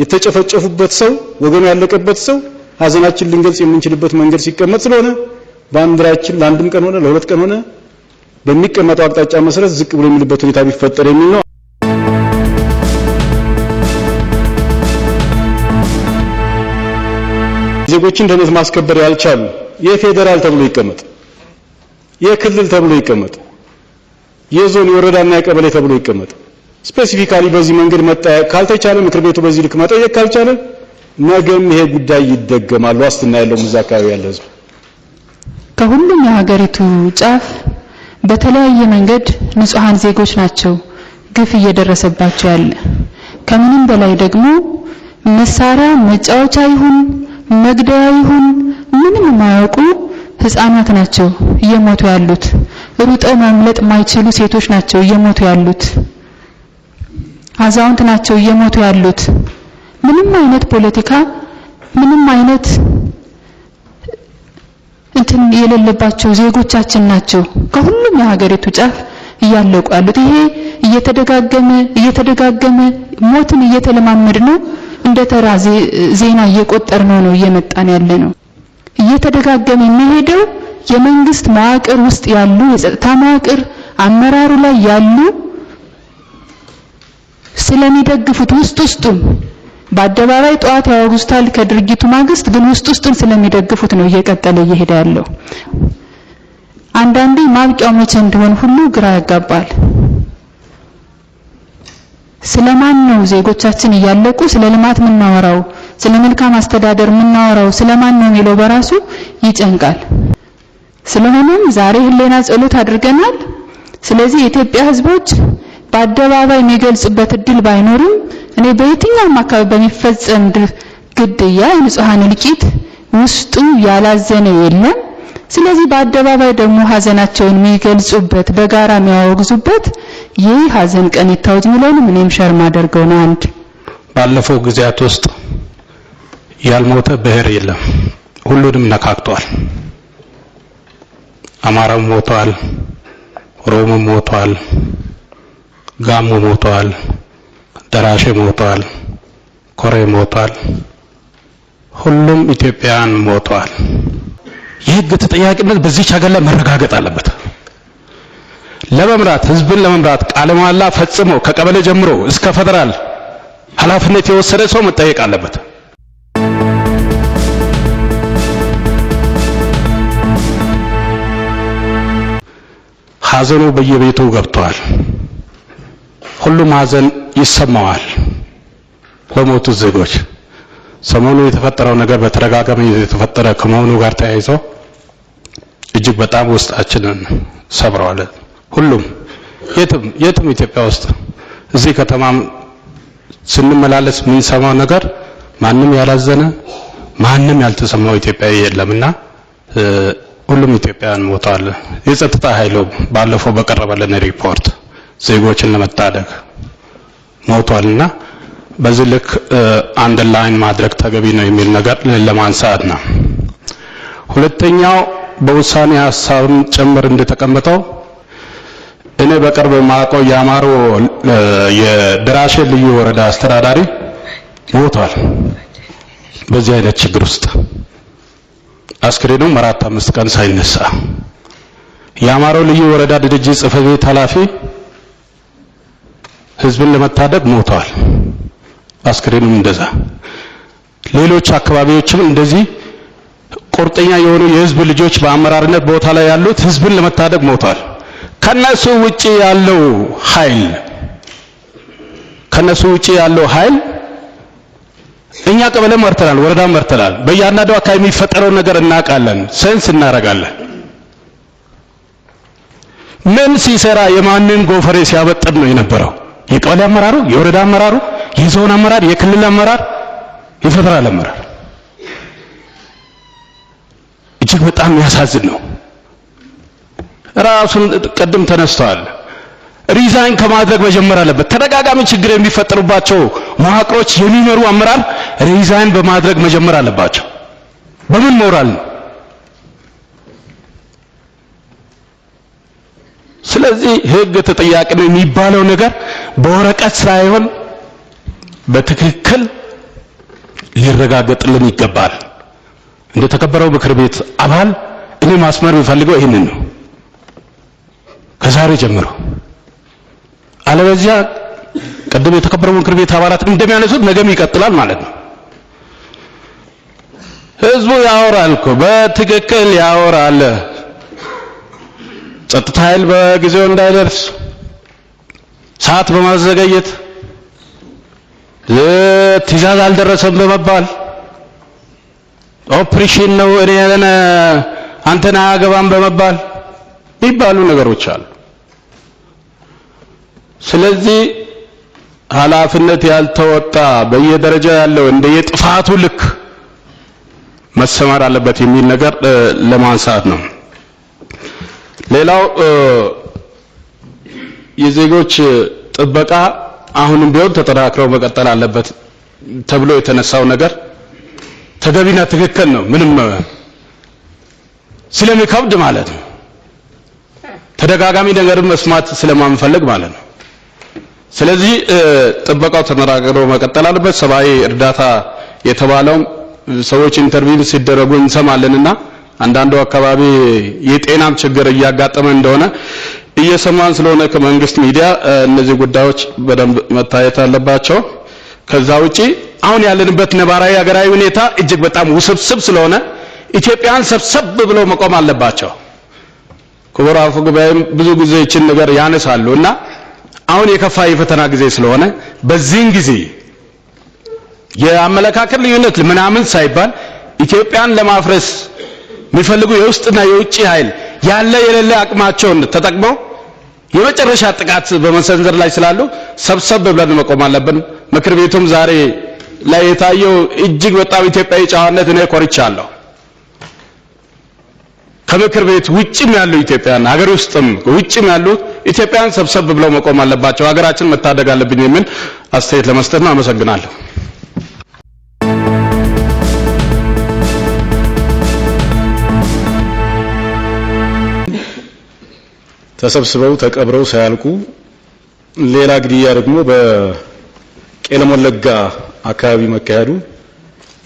የተጨፈጨፉበት ሰው ወገኑ ያለቀበት ሰው ሀዘናችን ልንገልጽ የምንችልበት መንገድ ሲቀመጥ ስለሆነ ባንዲራችን ለአንድም ቀን ሆነ ለሁለት ቀን ሆነ በሚቀመጠው አቅጣጫ መሰረት ዝቅ ብሎ የሚልበት ሁኔታ ቢፈጠር የሚል ነው። ዜጎችን ደህንነት ማስከበር ያልቻሉ የፌዴራል ተብሎ ይቀመጥ፣ የክልል ተብሎ ይቀመጥ፣ የዞን የወረዳና የቀበሌ ተብሎ ይቀመጥ። ስፔሲፊካሊ በዚህ መንገድ መጠየቅ ካልተቻለ ምክር ቤቱ በዚህ ልክ መጠየቅ ካልቻለ ነገም ይሄ ጉዳይ ይደገማል። ዋስትና ያለው እዛ አካባቢ ያለ ህዝብ ከሁሉም የሀገሪቱ ጫፍ በተለያየ መንገድ ንጹሃን ዜጎች ናቸው ግፍ እየደረሰባቸው ያለ። ከምንም በላይ ደግሞ መሳሪያ መጫወቻ ይሁን መግደያ ይሁን ምንም የማያውቁ ህፃናት ናቸው እየሞቱ ያሉት። ሩጠው ማምለጥ የማይችሉ ሴቶች ናቸው እየሞቱ ያሉት። አዛውንት ናቸው እየሞቱ ያሉት። ምንም አይነት ፖለቲካ ምንም አይነት እንትን የሌለባቸው ዜጎቻችን ናቸው ከሁሉም የሀገሪቱ ጫፍ እያለቁ ያሉት። ይሄ እየተደጋገመ እየተደጋገመ ሞትን እየተለማመድ ነው እንደ ተራ ዜና እየቆጠር ነው ነው እየመጣን ያለ ነው። እየተደጋገመ የሚሄደው የመንግስት መዋቅር ውስጥ ያሉ የጸጥታ መዋቅር አመራሩ ላይ ያሉ ስለሚደግፉት ውስጥ ውስጡን በአደባባይ ጠዋት ያወግዙታል ከድርጊቱ ማግስት ግን ውስጥ ውስጡን ስለሚደግፉት ነው እየቀጠለ እየሄደ ያለው። አንዳንዴ ማብቂያው መቼ እንደሆን ሁሉ ግራ ያጋባል። ስለማን ነው ዜጎቻችን እያለቁ ስለ ልማት የምናወራው? ስለ መልካም አስተዳደር የምናወራው ስለማን ነው የሚለው በራሱ ይጨንቃል። ስለሆነም ዛሬ ህሌና ጸሎት አድርገናል። ስለዚህ የኢትዮጵያ ህዝቦች በአደባባይ የሚገልጽበት እድል ባይኖርም እኔ በየትኛውም አካባቢ በሚፈጸም ግድያ የንጹሐን እልቂት ውስጡ ያላዘነ የለም። ስለዚህ በአደባባይ ደግሞ ሀዘናቸውን የሚገልጹበት በጋራ የሚያወግዙበት ይህ ሀዘን ቀን ይታወጅ የሚለውንም እኔም ሸር ማደርገው ነው። አንድ ባለፈው ጊዜያት ውስጥ ያልሞተ ብሔር የለም፣ ሁሉንም ነካክቷል። አማራም ሞቷል፣ ኦሮሞም ሞቷል። ጋሞ ሞተዋል፣ ደራሼ ሞተዋል፣ ኮሬ ሞተዋል፣ ሁሉም ኢትዮጵያውያን ሞተዋል። የህግ ተጠያቂነት በዚች ሀገር ላይ መረጋገጥ አለበት። ለመምራት ህዝብን ለመምራት ቃለ መሃላ ፈጽሞ ከቀበሌ ጀምሮ እስከ ፌደራል ኃላፊነት የወሰደ ሰው መጠየቅ አለበት። ሀዘኑ በየቤቱ ገብቷል። ሁሉም ሀዘን ይሰማዋል ከሞቱ ዜጎች። ሰሞኑ የተፈጠረው ነገር በተደጋጋሚ የተፈጠረ ከመሆኑ ጋር ተያይዞ እጅግ በጣም ውስጣችንን ሰብረዋል። ሁሉም የትም የትም ኢትዮጵያ ውስጥ እዚህ ከተማም ስንመላለስ የምንሰማው ነገር ማንም ያላዘነ ማንም ያልተሰማው ኢትዮጵያዊ የለምና ሁሉም ኢትዮጵያውያን ሞተዋል። የጸጥታ ኃይሉ ባለፈው በቀረበልን ሪፖርት ዜጎችን ለመታደግ ሞቷልና በዚህ ልክ አንድ ላይን ማድረግ ተገቢ ነው የሚል ነገር ለማንሳት ነው። ሁለተኛው በውሳኔ ሀሳብም ጭምር እንደተቀመጠው እኔ በቅርብ ማውቀው የአማሮ የድራሼ ልዩ ወረዳ አስተዳዳሪ ሞቷል። በዚህ አይነት ችግር ውስጥ አስክሬኑም አራት አምስት ቀን ሳይነሳ የአማሮ ልዩ ወረዳ ድርጅት ጽሕፈት ቤት ኃላፊ ህዝብን ለመታደግ ሞተዋል። አስክሬኑም እንደዛ ሌሎች አካባቢዎችም እንደዚህ ቁርጠኛ የሆኑ የህዝብ ልጆች በአመራርነት ቦታ ላይ ያሉት ህዝብን ለመታደግ ሞተዋል። ከነሱ ውጪ ያለው ኃይል ከነሱ ውጪ ያለው ኃይል እኛ ቀበሌ መርተናል፣ ወረዳ መርተናል። በእያንዳንዱ አካባቢ የሚፈጠረው ነገር እናውቃለን፣ ሴንስ እናደርጋለን። ምን ሲሰራ የማንን ጎፈሬ ሲያበጥር ነው የነበረው? የቀበሌ አመራሩ፣ የወረዳ አመራሩ፣ የዞን አመራር፣ የክልል አመራር፣ የፌደራል አመራር እጅግ በጣም የሚያሳዝን ነው። ራሱን ቅድም ተነስተዋል። ሪዛይን ከማድረግ መጀመር አለበት። ተደጋጋሚ ችግር የሚፈጠሩባቸው መዋቅሮች የሚመሩ አመራር ሪዛይን በማድረግ መጀመር አለባቸው። በምን ሞራል ነው? ስለዚህ ህግ ተጠያቂ ነው የሚባለው ነገር በወረቀት ሳይሆን በትክክል ሊረጋገጥልን ይገባል። እንደ ተከበረው ምክር ቤት አባል እኔ ማስመር የሚፈልገው ይህንን ነው፣ ከዛሬ ጀምሮ። አለበዚያ ቅድም የተከበረው ምክር ቤት አባላት እንደሚያነሱት ነገም ይቀጥላል ማለት ነው። ህዝቡ ያወራል እኮ በትክክል ያወራል። ጸጥታ ኃይል በጊዜው እንዳይደርስ ሰዓት በማዘገየት ትእዛዝ አልደረሰም በመባል ኦፕሬሽን ነው እኔ ያለነ አንተን አያገባም በመባል የሚባሉ ነገሮች አሉ። ስለዚህ ኃላፊነት ያልተወጣ በየደረጃ ያለው እንደየጥፋቱ ልክ መሰማር አለበት የሚል ነገር ለማንሳት ነው። ሌላው የዜጎች ጥበቃ አሁንም ቢሆን ተጠናክረው መቀጠል አለበት ተብሎ የተነሳው ነገር ተገቢና ትክክል ነው። ምንም ስለሚከብድ ማለት ነው። ተደጋጋሚ ነገርን መስማት ስለማንፈልግ ማለት ነው። ስለዚህ ጥበቃው ተጠናክሮ መቀጠል አለበት። ሰብአዊ እርዳታ የተባለውም ሰዎች ኢንተርቪው ሲደረጉ እንሰማለንና አንዳንዱ አካባቢ የጤናም ችግር እያጋጠመ እንደሆነ እየሰማን ስለሆነ ከመንግስት ሚዲያ እነዚህ ጉዳዮች በደንብ መታየት አለባቸው። ከዛ ውጪ አሁን ያለንበት ነባራዊ ሀገራዊ ሁኔታ እጅግ በጣም ውስብስብ ስለሆነ ኢትዮጵያን ሰብሰብ ብለው መቆም አለባቸው። ክቡር አፈ ጉባኤም ብዙ ጊዜ ይችን ነገር ያነሳሉ እና አሁን የከፋ የፈተና ጊዜ ስለሆነ በዚህን ጊዜ የአመለካከት ልዩነት ምናምን ሳይባል ኢትዮጵያን ለማፍረስ የሚፈልጉ የውስጥና የውጭ ኃይል ያለ የሌለ አቅማቸውን ተጠቅመው የመጨረሻ ጥቃት በመሰንዘር ላይ ስላሉ ሰብሰብ ብለን መቆም አለብን። ምክር ቤቱም ዛሬ ላይ የታየው እጅግ በጣም ኢትዮጵያዊ ጨዋነት እኔ ኮርቻለሁ። ከምክር ቤት ውጭም ያሉ ኢትዮጵያውያን ሀገር ውስጥም ውጭም ያሉ ኢትዮጵያን ሰብሰብ ብለው መቆም አለባቸው። ሀገራችን መታደግ አለብኝ የሚል አስተያየት ለመስጠት ነው። አመሰግናለሁ። ተሰብስበው ተቀብረው ሳያልቁ ሌላ ግድያ ደግሞ በቄለም ወለጋ አካባቢ መካሄዱ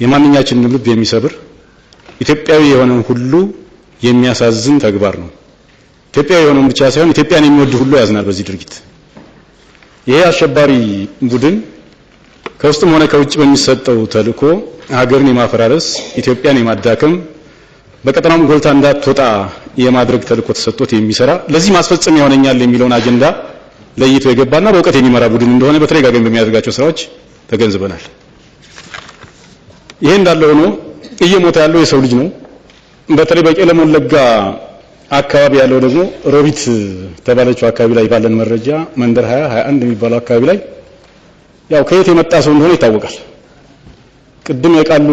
የማንኛችንም ልብ የሚሰብር ኢትዮጵያዊ የሆነን ሁሉ የሚያሳዝን ተግባር ነው። ኢትዮጵያዊ የሆነውን ብቻ ሳይሆን ኢትዮጵያን የሚወድ ሁሉ ያዝናል በዚህ ድርጊት። ይሄ አሸባሪ ቡድን ከውስጥም ሆነ ከውጭ በሚሰጠው ተልዕኮ ሀገርን የማፈራረስ ኢትዮጵያን የማዳከም በቀጠናውም ጎልታ እንዳትወጣ የማድረግ ተልእኮ ተሰጥቶት የሚሰራ ለዚህ ማስፈጸም ይሆነኛል የሚለውን አጀንዳ ለይቶ የገባና በእውቀት የሚመራ ቡድን እንደሆነ በተደጋጋሚ በሚያደርጋቸው ስራዎች ተገንዝበናል። ይሄ እንዳለ ሆኖ እየሞተ ያለው የሰው ልጅ ነው። በተለይ በቄለም ወለጋ አካባቢ ያለው ደግሞ ሮቢት ተባለችው አካባቢ ላይ ባለን መረጃ መንደር 20 21 የሚባለው አካባቢ ላይ ያው ከየት የመጣ ሰው እንደሆነ ይታወቃል። ቅድም የቃሉ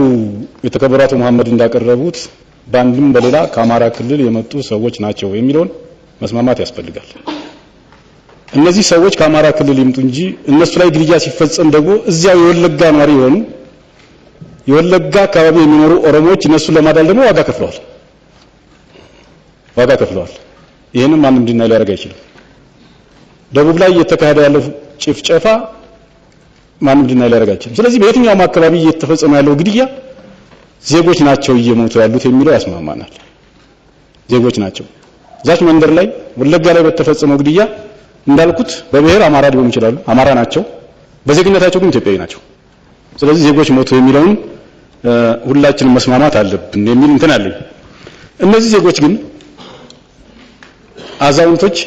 የተከበራቱ መሐመድ እንዳቀረቡት በአንድም በሌላ ከአማራ ክልል የመጡ ሰዎች ናቸው የሚለውን መስማማት ያስፈልጋል። እነዚህ ሰዎች ከአማራ ክልል ይምጡ እንጂ እነሱ ላይ ግድያ ሲፈጸም ደግሞ እዚያው የወለጋ ኗሪ የሆኑ የወለጋ አካባቢ የሚኖሩ ኦሮሞዎች እነሱን ለማዳል ደግሞ ዋጋ ከፍለዋል ዋጋ ከፍለዋል። ይህንም ማንም እንዲና ሊያደርግ አይችልም። ደቡብ ላይ እየተካሄደ ያለው ጭፍጨፋ ማንም እንዲና ሊያደርግ አይችልም። ስለዚህ በየትኛውም አካባቢ እየተፈጸመ ያለው ግድያ ዜጎች ናቸው እየሞቱ ያሉት የሚለው ያስማማናል። ዜጎች ናቸው። እዛች መንደር ላይ ወለጋ ላይ በተፈጸመው ግድያ እንዳልኩት በብሔር አማራ ሊሆኑ ይችላሉ፣ አማራ ናቸው። በዜግነታቸው ግን ኢትዮጵያዊ ናቸው። ስለዚህ ዜጎች ሞቱ የሚለውን ሁላችንም መስማማት አለብን የሚል እንትን አለኝ። እነዚህ ዜጎች ግን አዛውንቶች፣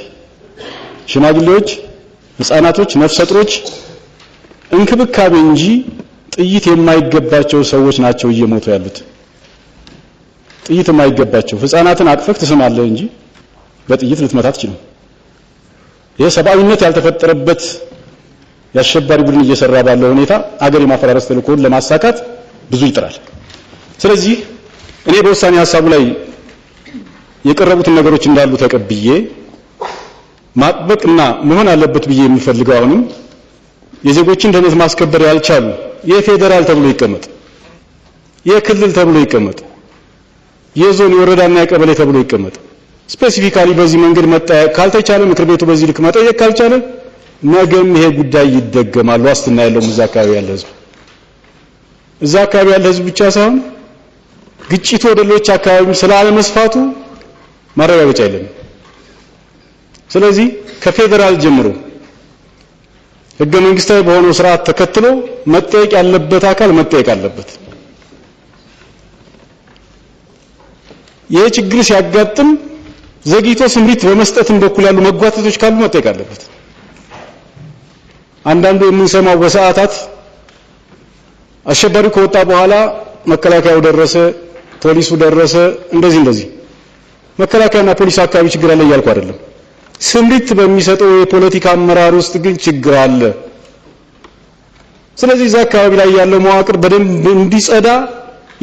ሽማግሌዎች፣ ህፃናቶች፣ ነፍሰ ጡሮች እንክብካቤ እንጂ ጥይት የማይገባቸው ሰዎች ናቸው እየሞቱ ያሉት። ጥይት የማይገባቸው ህፃናትን አቅፈክ ትስማለህ እንጂ በጥይት ልትመታ ትችልም። ይሄ ሰብአዊነት ያልተፈጠረበት የአሸባሪ ቡድን እየሰራ ባለው ሁኔታ አገር የማፈራረስ ተልእኮውን ለማሳካት ብዙ ይጥራል። ስለዚህ እኔ በውሳኔ ሀሳቡ ላይ የቀረቡትን ነገሮች እንዳሉ ተቀብዬ ማጥበቅና መሆን አለበት ብዬ የምፈልገው አሁንም የዜጎችን ደህንነት ማስከበር ያልቻሉ የፌዴራል ተብሎ ይቀመጥ፣ የክልል ተብሎ ይቀመጥ፣ የዞን የወረዳና የቀበሌ ተብሎ ይቀመጥ። ስፔሲፊካሊ በዚህ መንገድ መጠየቅ ካልተቻለ ምክር ቤቱ በዚህ ልክ መጠየቅ ካልቻለ ነገም ይሄ ጉዳይ ይደገማል። ዋስትና ያለው እዛ አካባቢ ያለ ህዝብ እዛ አካባቢ ያለ ህዝብ ብቻ ሳይሆን ግጭቱ ወደ ሌሎች አካባቢም ስላለመስፋቱ ማረጋገጫ የለም። ስለዚህ ከፌዴራል ጀምሮ ህገ መንግስታዊ በሆነው ስርዓት ተከትሎ መጠየቅ ያለበት አካል መጠየቅ አለበት። ይህ ችግር ሲያጋጥም ዘግይቶ ስምሪት በመስጠትም በኩል ያሉ መጓተቶች ካሉ መጠየቅ አለበት። አንዳንዱ የምንሰማው በሰዓታት አሸባሪው ከወጣ በኋላ መከላከያው ደረሰ፣ ፖሊሱ ደረሰ፣ እንደዚህ እንደዚህ መከላከያና ፖሊስ አካባቢ ችግር አለ እያልኩ አይደለም። ስምሪት በሚሰጠው የፖለቲካ አመራር ውስጥ ግን ችግር አለ። ስለዚህ እዛ አካባቢ ላይ ያለው መዋቅር በደንብ እንዲጸዳ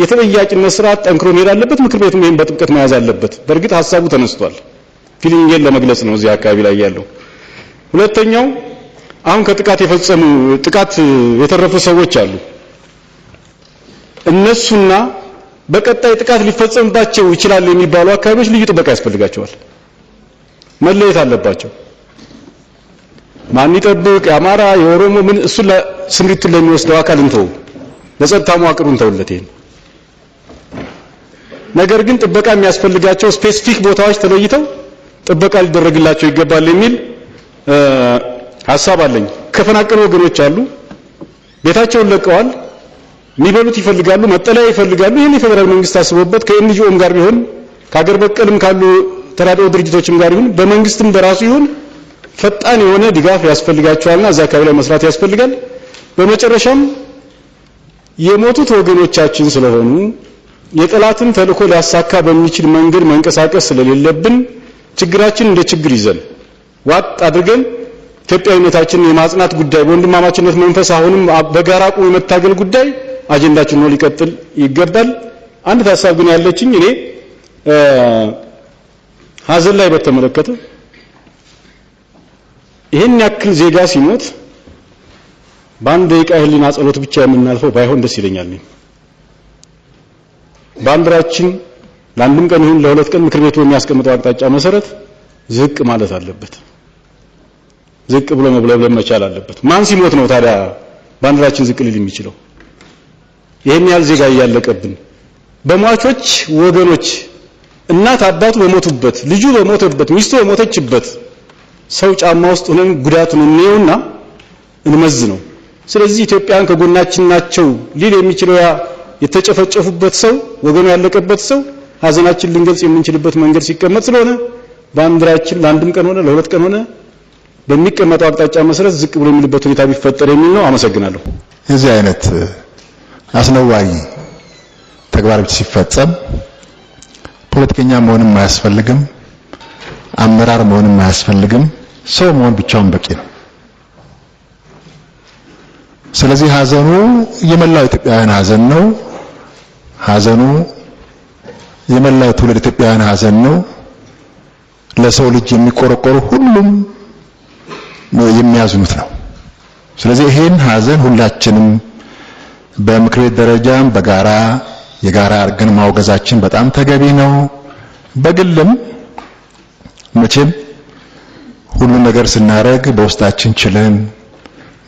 የተጠያቂነት ስርዓት ጠንክሮ መሄድ አለበት። ምክር ቤቱም ይሄን በጥብቀት መያዝ አለበት። በእርግጥ ሀሳቡ ተነስቷል። ፊሊንጌን ለመግለጽ ነው እዚህ አካባቢ ላይ ያለው። ሁለተኛው አሁን ከጥቃት የፈጸሙ ጥቃት የተረፉ ሰዎች አሉ። እነሱና በቀጣይ ጥቃት ሊፈጸምባቸው ይችላል የሚባሉ አካባቢዎች ልዩ ጥበቃ ያስፈልጋቸዋል። መለየት አለባቸው። ማን ይጠብቅ የአማራ የኦሮሞ ምን እሱ ስምሪቱን ለሚወስደው አካል እንተው፣ ለጸጥታ መዋቅሩ እንተውለት። ይሄን ነገር ግን ጥበቃ የሚያስፈልጋቸው ስፔሲፊክ ቦታዎች ተለይተው ጥበቃ ሊደረግላቸው ይገባል የሚል ሀሳብ አለኝ። ከፈናቀሉ ወገኖች አሉ፣ ቤታቸውን ለቀዋል፣ የሚበሉት ይፈልጋሉ፣ መጠለያ ይፈልጋሉ። ይህን የፌዴራል መንግስት አስቦበት ከኤንጂኦም ጋር ቢሆን ከሀገር በቀልም ካሉ ተራድኦ ድርጅቶችም ጋር ይሁን በመንግስትም በራሱ ይሁን ፈጣን የሆነ ድጋፍ ያስፈልጋቸዋልና እዛ አካባቢ ላይ መስራት ያስፈልጋል። በመጨረሻም የሞቱት ወገኖቻችን ስለሆኑ የጠላትን ተልእኮ ሊያሳካ በሚችል መንገድ መንቀሳቀስ ስለሌለብን ችግራችን እንደ ችግር ይዘን ዋጥ አድርገን ኢትዮጵያዊነታችንን የማጽናት ጉዳይ በወንድማማችነት መንፈስ አሁንም በጋራ ቆሞ የመታገል ጉዳይ አጀንዳችን ሆኖ ሊቀጥል ይገባል። አንድ ታሳብ ግን ያለችኝ እኔ ሀዘን ላይ በተመለከተ ይህን ያክል ዜጋ ሲሞት በአንድ ደቂቃ የህሊና ጸሎት ብቻ የምናልፈው ባይሆን ደስ ይለኛል። ባንዲራችን ለአንድም ቀን ይሁን ለሁለት ቀን ምክር ቤቱ የሚያስቀምጠው አቅጣጫ መሰረት ዝቅ ማለት አለበት። ዝቅ ብሎ መብለብለም መቻል አለበት። ማን ሲሞት ነው ታዲያ ባንዲራችን ዝቅ ሊል የሚችለው? ይህን ያህል ዜጋ እያለቀብን በሟቾች ወገኖች እናት አባቱ በሞቱበት ልጁ በሞተበት ሚስቱ በሞተችበት ሰው ጫማ ውስጥ ሆነን ጉዳቱን እንየውና እንመዝ ነው። ስለዚህ ኢትዮጵያን ከጎናችን ናቸው ሊል የሚችለው ያ የተጨፈጨፉበት ሰው ወገኑ ያለቀበት ሰው ሀዘናችን ልንገልጽ የምንችልበት መንገድ ሲቀመጥ ስለሆነ ባንዲራችን ለአንድም ቀን ሆነ ለሁለት ቀን ሆነ በሚቀመጠው አቅጣጫ መሰረት ዝቅ ብሎ የሚልበት ሁኔታ ቢፈጠር የሚል ነው። አመሰግናለሁ። የዚህ አይነት አስነዋሪ ተግባር ሲፈጸም ፖለቲከኛ መሆንም አያስፈልግም፣ አመራር መሆንም አያስፈልግም። ሰው መሆን ብቻውን በቂ ነው። ስለዚህ ሀዘኑ የመላው ኢትዮጵያውያን ሀዘን ነው። ሀዘኑ የመላው ትውልድ ኢትዮጵያውያን ሀዘን ነው። ለሰው ልጅ የሚቆረቆሩ ሁሉም የሚያዝኑት ነው። ስለዚህ ይሄን ሀዘን ሁላችንም በምክር ቤት ደረጃም በጋራ የጋራ አድርገን ማውገዛችን በጣም ተገቢ ነው። በግልም መቼም ሁሉን ነገር ስናደርግ በውስጣችን ችለን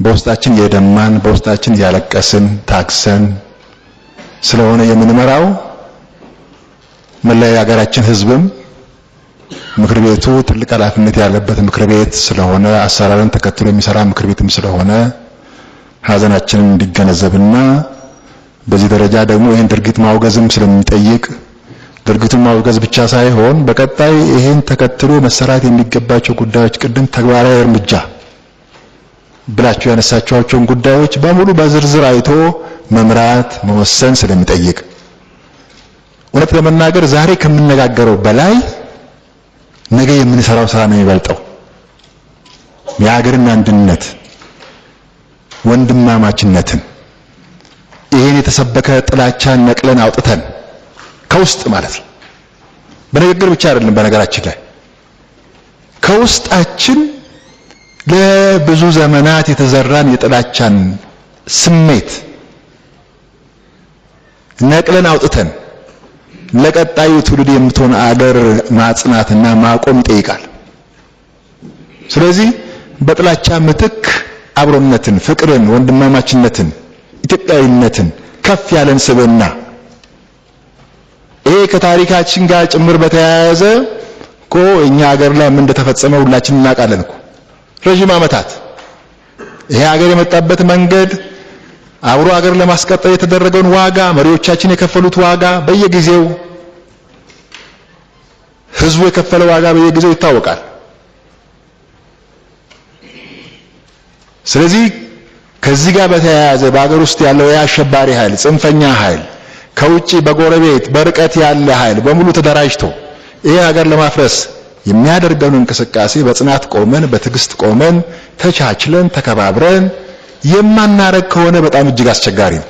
በውስጣችን የደማን በውስጣችን ያለቀስን ታክሰን ስለሆነ የምንመራው መለያ የሀገራችን ህዝብም ምክር ቤቱ ትልቅ ኃላፊነት ያለበት ምክር ቤት ስለሆነ አሰራርን ተከትሎ የሚሰራ ምክር ቤትም ስለሆነ ሀዘናችንን እንዲገነዘብና በዚህ ደረጃ ደግሞ ይህን ድርጊት ማውገዝም ስለሚጠይቅ ድርጊቱን ማውገዝ ብቻ ሳይሆን በቀጣይ ይህን ተከትሎ መሰራት የሚገባቸው ጉዳዮች ቅድም ተግባራዊ እርምጃ ብላቸው ያነሳቸዋቸውን ጉዳዮች በሙሉ በዝርዝር አይቶ መምራት መወሰን ስለሚጠይቅ እውነት ለመናገር ዛሬ ከምነጋገረው በላይ ነገ የምንሰራው ስራ ነው የሚበልጠው። የሀገርን አንድነት ወንድማማችነትን ይሄን የተሰበከ ጥላቻን ነቅለን አውጥተን ከውስጥ ማለት ነው። በንግግር ብቻ አይደለም። በነገራችን ላይ ከውስጣችን ለብዙ ዘመናት የተዘራን የጥላቻን ስሜት ነቅለን አውጥተን ለቀጣዩ ትውልድ የምትሆን አገር ማጽናትና ማቆም ይጠይቃል። ስለዚህ በጥላቻ ምትክ አብሮነትን፣ ፍቅርን፣ ወንድማማችነትን ኢትዮጵያዊነትን ከፍ ያለን ስብና ይሄ ከታሪካችን ጋር ጭምር በተያያዘ እኮ እኛ ሀገር ላይ ምን እንደተፈጸመ ሁላችን እናውቃለን እኮ ረዥም ዓመታት ይሄ ሀገር የመጣበት መንገድ አብሮ ሀገር ለማስቀጠል የተደረገውን ዋጋ መሪዎቻችን የከፈሉት ዋጋ በየጊዜው ህዝቡ የከፈለ ዋጋ በየጊዜው ይታወቃል። ስለዚህ ከዚህ ጋር በተያያዘ በሀገር ውስጥ ያለው የአሸባሪ ኃይል፣ ጽንፈኛ ኃይል፣ ከውጪ በጎረቤት በርቀት ያለ ኃይል በሙሉ ተደራጅቶ ይሄ ሀገር ለማፍረስ የሚያደርገውን እንቅስቃሴ በጽናት ቆመን በትዕግስት ቆመን ተቻችለን ተከባብረን የማናረግ ከሆነ በጣም እጅግ አስቸጋሪ ነው።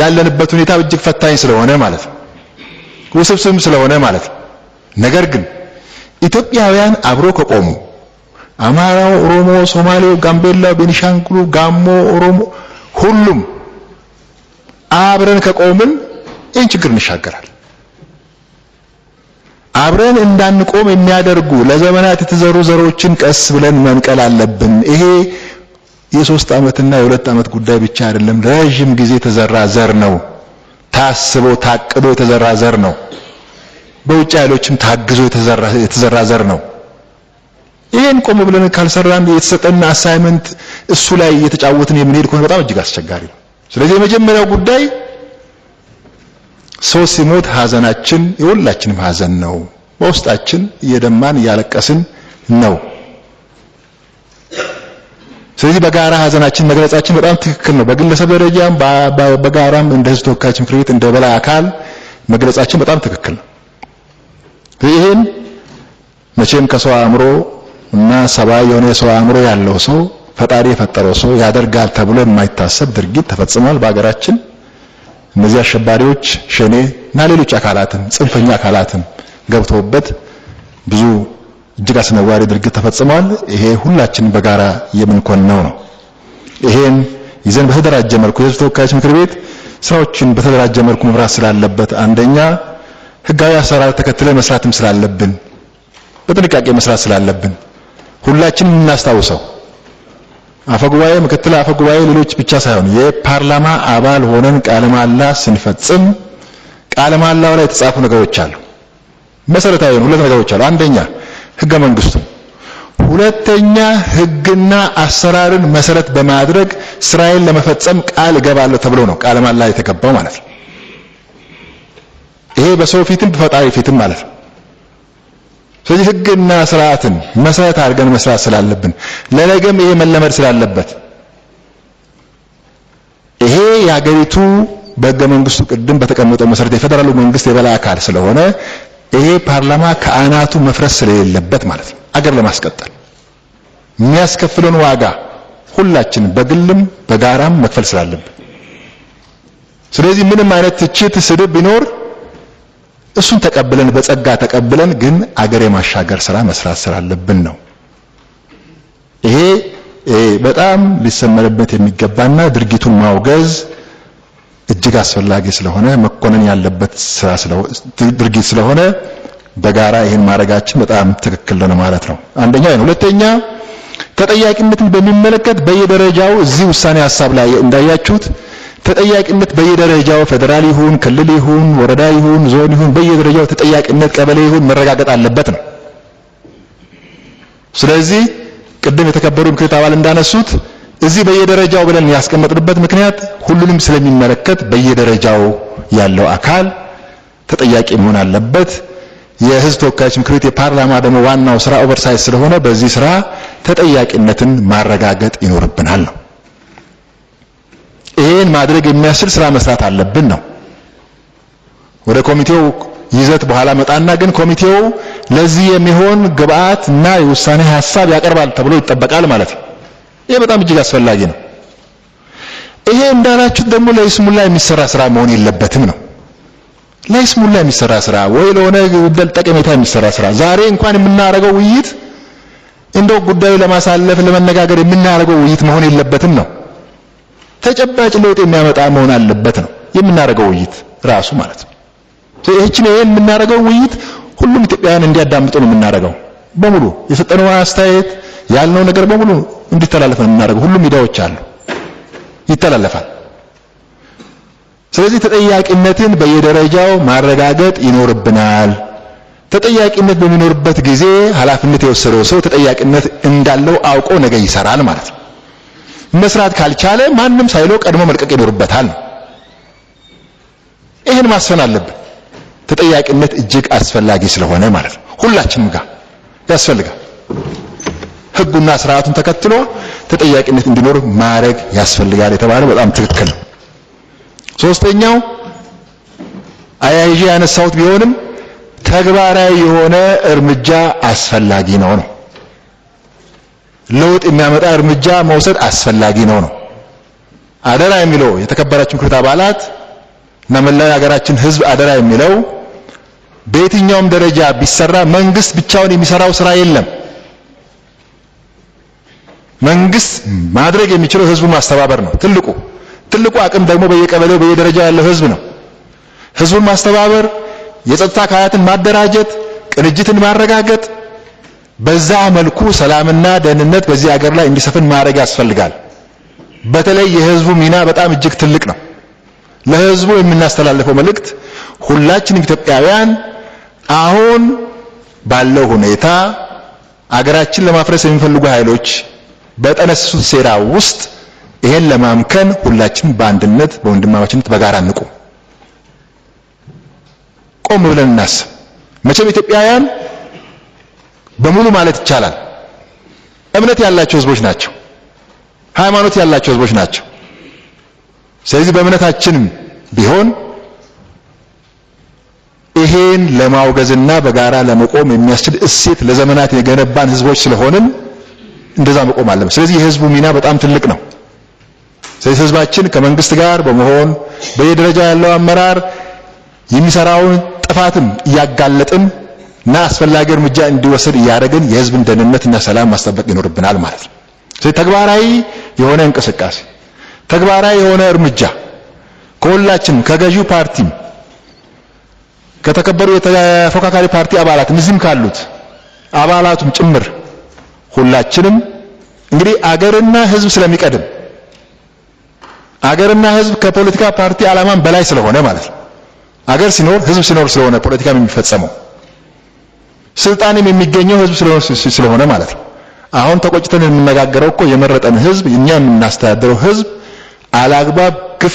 ያለንበት ሁኔታ እጅግ ፈታኝ ስለሆነ ማለት ነው፣ ውስብስብም ስለሆነ ማለት ነው። ነገር ግን ኢትዮጵያውያን አብሮ ከቆሙ አማራው፣ ኦሮሞ፣ ሶማሌው፣ ጋምቤላ፣ ቤኒሻንጉሉ፣ ጋሞ፣ ኦሮሞ ሁሉም አብረን ከቆምን ይህን ችግር እንሻገራል። አብረን እንዳንቆም የሚያደርጉ ለዘመናት የተዘሩ ዘሮችን ቀስ ብለን መንቀል አለብን። ይሄ የሶስት ዓመትና የሁለት ዓመት ጉዳይ ብቻ አይደለም። ረጅም ጊዜ የተዘራ ዘር ነው። ታስቦ ታቅዶ የተዘራ ዘር ነው። በውጭ ኃይሎችም ታግዞ የተዘራ ዘር ነው። ይሄን ቆም ብለን ካልሰራን የተሰጠና አሳይመንት እሱ ላይ እየተጫወትን የምንሄድ ከሆነ በጣም እጅግ አስቸጋሪ ነው። ስለዚህ የመጀመሪያው ጉዳይ ሰው ሲሞት ሀዘናችን የሁላችንም ሀዘን ነው። በውስጣችን እየደማን እያለቀስን ነው። ስለዚህ በጋራ ሀዘናችን መግለጻችን በጣም ትክክል ነው። በግለሰብ ደረጃም በጋራም እንደ ህዝብ ተወካዮች ምክር ቤት እንደ በላይ አካል መግለጻችን በጣም ትክክል ነው። ይህን መቼም ከሰው አእምሮ እና ሰብአዊ የሆነ የሰው አእምሮ ያለው ሰው ፈጣሪ የፈጠረው ሰው ያደርጋል ተብሎ የማይታሰብ ድርጊት ተፈጽሟል በሀገራችን። እነዚህ አሸባሪዎች ሸኔ እና ሌሎች አካላትም ጽንፈኛ አካላትም ገብተውበት ብዙ እጅግ አስነዋሪ ድርጊት ተፈጽሟል። ይሄ ሁላችን በጋራ የምንኮንነው ነው። ይሄን ይዘን በተደራጀ መልኩ የህዝብ ተወካዮች ምክር ቤት ስራዎችን በተደራጀ መልኩ መብራት ስላለበት፣ አንደኛ ህጋዊ አሰራር ተከትለን መስራትም ስላለብን፣ በጥንቃቄ መስራት ስላለብን ሁላችንም የምናስታውሰው አፈጉባኤ፣ ምክትል አፈጉባኤ፣ ሌሎች ብቻ ሳይሆን የፓርላማ አባል ሆነን ቃለ መሐላ ስንፈጽም ቃለ መሐላው ላይ የተጻፉ ነገሮች አሉ። መሰረታዊ ሁለት ነገሮች አሉ። አንደኛ ህገ መንግስቱ፣ ሁለተኛ ህግና አሰራርን መሰረት በማድረግ ስራዬን ለመፈጸም ቃል እገባለሁ ተብሎ ነው ቃለ መሐላ የተገባው ማለት ነው። ይሄ በሰው ፊትም በፈጣሪ ፊትም ማለት ነው። ስለዚህ ህግና ስርዓትን መሰረት አድርገን መስራት ስላለብን ለነገም ይሄ መለመድ ስላለበት ይሄ የሀገሪቱ በህገ መንግስቱ ቅድም በተቀመጠው መሰረት የፌደራሉ መንግስት የበላይ አካል ስለሆነ ይሄ ፓርላማ ከአናቱ መፍረስ ስለሌለበት ማለት ነው። አገር ለማስቀጠል የሚያስከፍለን ዋጋ ሁላችን በግልም በጋራም መክፈል ስላለብን ስለዚህ ምንም አይነት ትችት፣ ስድብ ቢኖር እሱን ተቀብለን በጸጋ ተቀብለን ግን አገር የማሻገር ስራ መስራት ስላለብን ነው። ይሄ በጣም ሊሰመርበት የሚገባና ድርጊቱን ማውገዝ እጅግ አስፈላጊ ስለሆነ መኮነን ያለበት ስራ ድርጊት ስለሆነ በጋራ ይህን ማድረጋችን በጣም ትክክል ነው ማለት ነው። አንደኛ ነው። ሁለተኛ ተጠያቂነትን በሚመለከት በየደረጃው እዚህ ውሳኔ ሀሳብ ላይ እንዳያችሁት ተጠያቂነት በየደረጃው ፌዴራል ይሁን ክልል ይሁን ወረዳ ይሁን ዞን ይሁን በየደረጃው ተጠያቂነት ቀበሌ ይሁን መረጋገጥ አለበት ነው። ስለዚህ ቅድም የተከበሩ ምክር ቤት አባል እንዳነሱት እዚህ በየደረጃው ብለን ያስቀመጥንበት ምክንያት ሁሉንም ስለሚመለከት በየደረጃው ያለው አካል ተጠያቂ መሆን አለበት። የህዝብ ተወካዮች ምክር ቤት የፓርላማ ደግሞ ዋናው ስራ ኦቨርሳይት ስለሆነ በዚህ ስራ ተጠያቂነትን ማረጋገጥ ይኖርብናል ነው። ይህን ማድረግ የሚያስችል ስራ መስራት አለብን ነው። ወደ ኮሚቴው ይዘት በኋላ መጣና ግን ኮሚቴው ለዚህ የሚሆን ግብአት እና የውሳኔ ሀሳብ ያቀርባል ተብሎ ይጠበቃል ማለት ነው። ይሄ በጣም እጅግ አስፈላጊ ነው። ይሄ እንዳላችሁት ደግሞ ለይስሙላ የሚሰራ ስራ መሆን የለበትም ነው። ለይስሙላ የሚሰራ ስራ ወይ ለሆነ ጉዳይ ጠቀሜታ የሚሰራ ስራ ዛሬ እንኳን የምናደርገው ውይይት እንደው ጉዳዩ ለማሳለፍ ለመነጋገር የምናደርገው ውይይት መሆን የለበትም ነው። ተጨባጭ ለውጥ የሚያመጣ መሆን አለበት ነው የምናደርገው ውይይት ራሱ ማለት ነው። ይህችን የምናደርገው ውይይት ሁሉም ኢትዮጵያውያን እንዲያዳምጡ ነው የምናደርገው። በሙሉ የሰጠነው አስተያየት ያልነው ነገር በሙሉ እንዲተላለፍ ነው የምናደርገው። ሁሉም ሚዲያዎች አሉ፣ ይተላለፋል። ስለዚህ ተጠያቂነትን በየደረጃው ማረጋገጥ ይኖርብናል። ተጠያቂነት በሚኖርበት ጊዜ ኃላፊነት የወሰደው ሰው ተጠያቂነት እንዳለው አውቆ ነገ ይሰራል ማለት ነው። መስራት ካልቻለ ማንም ሳይለው ቀድሞ መልቀቅ ይኖርበታል። ይህን ማስፈን አለብን። ተጠያቂነት እጅግ አስፈላጊ ስለሆነ ማለት ነው። ሁላችንም ጋር ያስፈልጋል። ህጉና ስርዓቱን ተከትሎ ተጠያቂነት እንዲኖር ማድረግ ያስፈልጋል የተባለ በጣም ትክክል ነው። ሶስተኛው አያይዤ ያነሳሁት ቢሆንም ተግባራዊ የሆነ እርምጃ አስፈላጊ ነው ነው ለውጥ የሚያመጣ እርምጃ መውሰድ አስፈላጊ ነው ነው አደራ የሚለው የተከበራችሁ ምክር ቤት አባላት እና መላው የሀገራችን ህዝብ አደራ የሚለው በየትኛውም ደረጃ ቢሰራ መንግስት ብቻውን የሚሰራው ስራ የለም። መንግስት ማድረግ የሚችለው ህዝቡ ማስተባበር ነው። ትልቁ ትልቁ አቅም ደግሞ በየቀበሌው በየደረጃው ያለው ህዝብ ነው። ህዝቡን ማስተባበር፣ የጸጥታ አካላትን ማደራጀት፣ ቅንጅትን ማረጋገጥ በዛ መልኩ ሰላምና ደህንነት በዚህ ሀገር ላይ እንዲሰፍን ማድረግ ያስፈልጋል። በተለይ የህዝቡ ሚና በጣም እጅግ ትልቅ ነው። ለህዝቡ የምናስተላልፈው መልእክት ሁላችንም ኢትዮጵያውያን አሁን ባለው ሁኔታ አገራችን ለማፍረስ የሚፈልጉ ኃይሎች በጠነሱት ሴራ ውስጥ ይሄን ለማምከን ሁላችንም በአንድነት በወንድማማችነት በጋራ እንቁም። ቆም ብለን እናስብ። መቼም ኢትዮጵያውያን በሙሉ ማለት ይቻላል እምነት ያላቸው ህዝቦች ናቸው። ሃይማኖት ያላቸው ህዝቦች ናቸው። ስለዚህ በእምነታችን ቢሆን ይሄን ለማውገዝና በጋራ ለመቆም የሚያስችል እሴት ለዘመናት የገነባን ህዝቦች ስለሆንን እንደዛ መቆም አለ። ስለዚህ የህዝቡ ሚና በጣም ትልቅ ነው። ስለዚህ ህዝባችን ከመንግስት ጋር በመሆን በየደረጃ ያለው አመራር የሚሰራውን ጥፋትም እያጋለጥን እና አስፈላጊ እርምጃ እንዲወሰድ እያደረግን የህዝብን ደህንነትና ሰላም ማስጠበቅ ይኖርብናል ማለት ነው። ስለዚህ ተግባራዊ የሆነ እንቅስቃሴ፣ ተግባራዊ የሆነ እርምጃ ከሁላችንም ከገዢው ፓርቲም ከተከበሩ የተፎካካሪ ፓርቲ አባላትም እዚህም ካሉት አባላቱም ጭምር ሁላችንም እንግዲህ አገርና ህዝብ ስለሚቀድም አገርና ህዝብ ከፖለቲካ ፓርቲ አላማም በላይ ስለሆነ ማለት ነው። አገር ሲኖር ህዝብ ሲኖር ስለሆነ ፖለቲካም የሚፈጸመው ስልጣንም የሚገኘው ህዝብ ስለሆነ ማለት ነው። አሁን ተቆጭተን የምነጋገረው እኮ የመረጠን ህዝብ እኛ የምናስተዳድረው ህዝብ አላግባብ ግፍ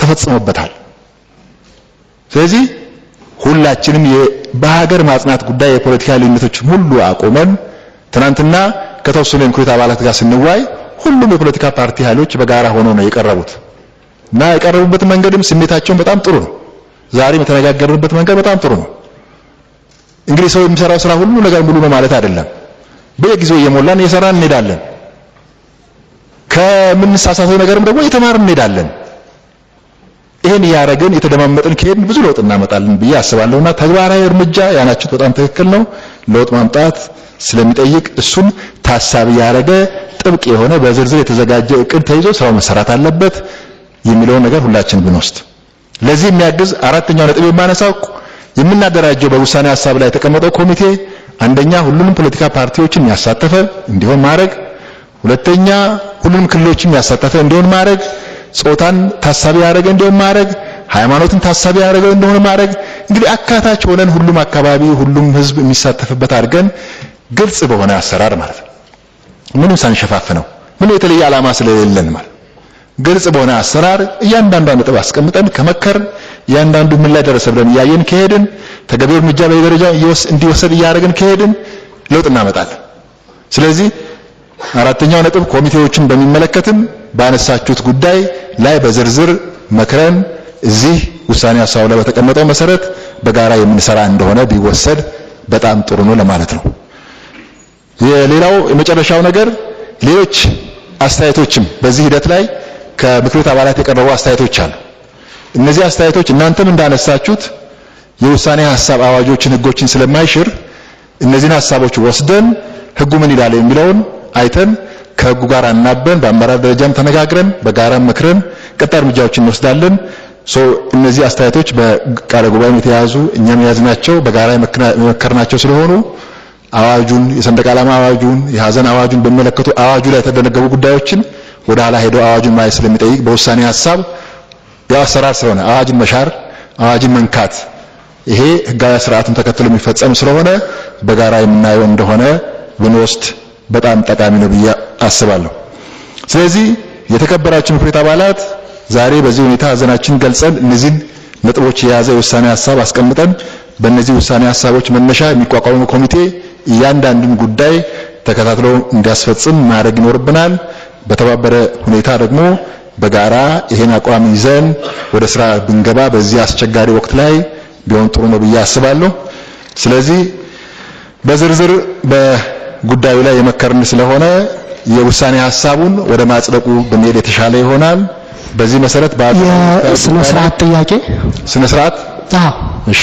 ተፈጽሞበታል። ስለዚህ ሁላችንም በሀገር ማጽናት ጉዳይ የፖለቲካ ልዩነቶችን ሁሉ አቁመን ትናንትና ከተወሰኑ የምክር ቤት አባላት ጋር ስንዋይ ሁሉም የፖለቲካ ፓርቲ ኃይሎች በጋራ ሆነው ነው የቀረቡት እና የቀረቡበት መንገድም ስሜታቸውን በጣም ጥሩ ነው። ዛሬም የተነጋገርንበት መንገድ በጣም ጥሩ ነው። እንግዲህ ሰው የሚሰራው ስራ ሁሉ ነገር ሙሉ ነው ማለት አይደለም። በየጊዜው እየሞላን እየሰራን እንሄዳለን። ከምንሳሳተው ነገርም ደግሞ እየተማርን እንሄዳለን። ይህን እያደረግን የተደማመጥን ከሄድን ብዙ ለውጥ እናመጣለን ብዬ አስባለሁ። እና ተግባራዊ እርምጃ ያናችሁት በጣም ትክክል ነው። ለውጥ ማምጣት ስለሚጠይቅ እሱን ታሳቢ ያደረገ ጥብቅ የሆነ በዝርዝር የተዘጋጀ እቅድ ተይዞ ስራው መሰራት አለበት የሚለውን ነገር ሁላችን ብንወስድ ለዚህ የሚያግዝ አራተኛው ነጥብ የማነሳው የምናደራጀው በውሳኔ ሀሳብ ላይ የተቀመጠው ኮሚቴ አንደኛ ሁሉንም ፖለቲካ ፓርቲዎችን ያሳተፈ እንዲሆን ማድረግ፣ ሁለተኛ ሁሉንም ክልሎችን ያሳተፈ እንዲሆን ማድረግ፣ ጾታን ታሳቢ ያደረገ እንዲሆን ማድረግ፣ ሃይማኖትን ታሳቢ ያደረገ እንዲሆን ማድረግ እንግዲህ አካታች ሆነን ሁሉም አካባቢ ሁሉም ህዝብ የሚሳተፍበት አድርገን ግልጽ በሆነ አሰራር ማለት ነው። ምንም ነው ምንም የተለየ ዓላማ ስለሌለን ማለት ግልጽ በሆነ አሰራር እያንዳንዷን ነጥብ አስቀምጠን ከመከርን እያንዳንዱ ምን ላይ ደረሰ ብለን እያየን ከሄድን ተገቢው እርምጃ በየደረጃ እንዲወሰድ እያደረግን ከሄድን ለውጥ እናመጣለን። ስለዚህ አራተኛው ነጥብ ኮሚቴዎችን በሚመለከትም ባነሳችሁት ጉዳይ ላይ በዝርዝር መክረን እዚህ ውሳኔ ሀሳቡ ላይ በተቀመጠው መሰረት በጋራ የምንሰራ እንደሆነ ቢወሰድ በጣም ጥሩ ነው ለማለት ነው። የሌላው የመጨረሻው ነገር ሌሎች አስተያየቶችም በዚህ ሂደት ላይ ከምክር ቤት አባላት የቀረቡ አስተያየቶች አሉ። እነዚህ አስተያየቶች እናንተም እንዳነሳችሁት የውሳኔ ሀሳብ አዋጆችን፣ ህጎችን ስለማይሽር እነዚህን ሀሳቦች ወስደን ህጉ ምን ይላል የሚለውን አይተን ከህጉ ጋር አናበን በአመራር ደረጃም ተነጋግረን በጋራም መክረን ቀጣይ እርምጃዎችን እንወስዳለን። እነዚህ አስተያየቶች በቃለ ጉባኤም የተያዙ እኛም የያዝናቸው በጋራ የመከርናቸው ስለሆኑ አዋጁን፣ የሰንደቅ ዓላማ አዋጁን፣ የሀዘን አዋጁን በሚመለከቱ አዋጁ ላይ የተደነገቡ ጉዳዮችን ወደ ኋላ ሄዶ አዋጁን ማየት ስለሚጠይቅ በውሳኔ ሀሳብ አሰራር ስለሆነ አዋጅን መሻር፣ አዋጅን መንካት ይሄ ህጋዊ ስርዓቱን ተከትሎ የሚፈጸም ስለሆነ በጋራ የምናየው እንደሆነ ብንወስድ በጣም ጠቃሚ ነው ብዬ አስባለሁ። ስለዚህ የተከበራችሁ ምክር ቤት አባላት ዛሬ በዚህ ሁኔታ ሀዘናችን ገልጸን እነዚህን ነጥቦች የያዘ የውሳኔ ሀሳብ አስቀምጠን በእነዚህ ውሳኔ ሀሳቦች መነሻ የሚቋቋመው ኮሚቴ እያንዳንዱን ጉዳይ ተከታትሎ እንዲያስፈጽም ማድረግ ይኖርብናል። በተባበረ ሁኔታ ደግሞ በጋራ ይሄን አቋም ይዘን ወደ ስራ ብንገባ በዚህ አስቸጋሪ ወቅት ላይ ቢሆን ጥሩ ነው ብዬ አስባለሁ። ስለዚህ በዝርዝር በጉዳዩ ላይ የመከርን ስለሆነ የውሳኔ ሀሳቡን ወደ ማጽደቁ ብንሄድ የተሻለ ይሆናል። በዚህ መሰረት ስነ ስርዓት ጥያቄ ስነ ስርዓት እሺ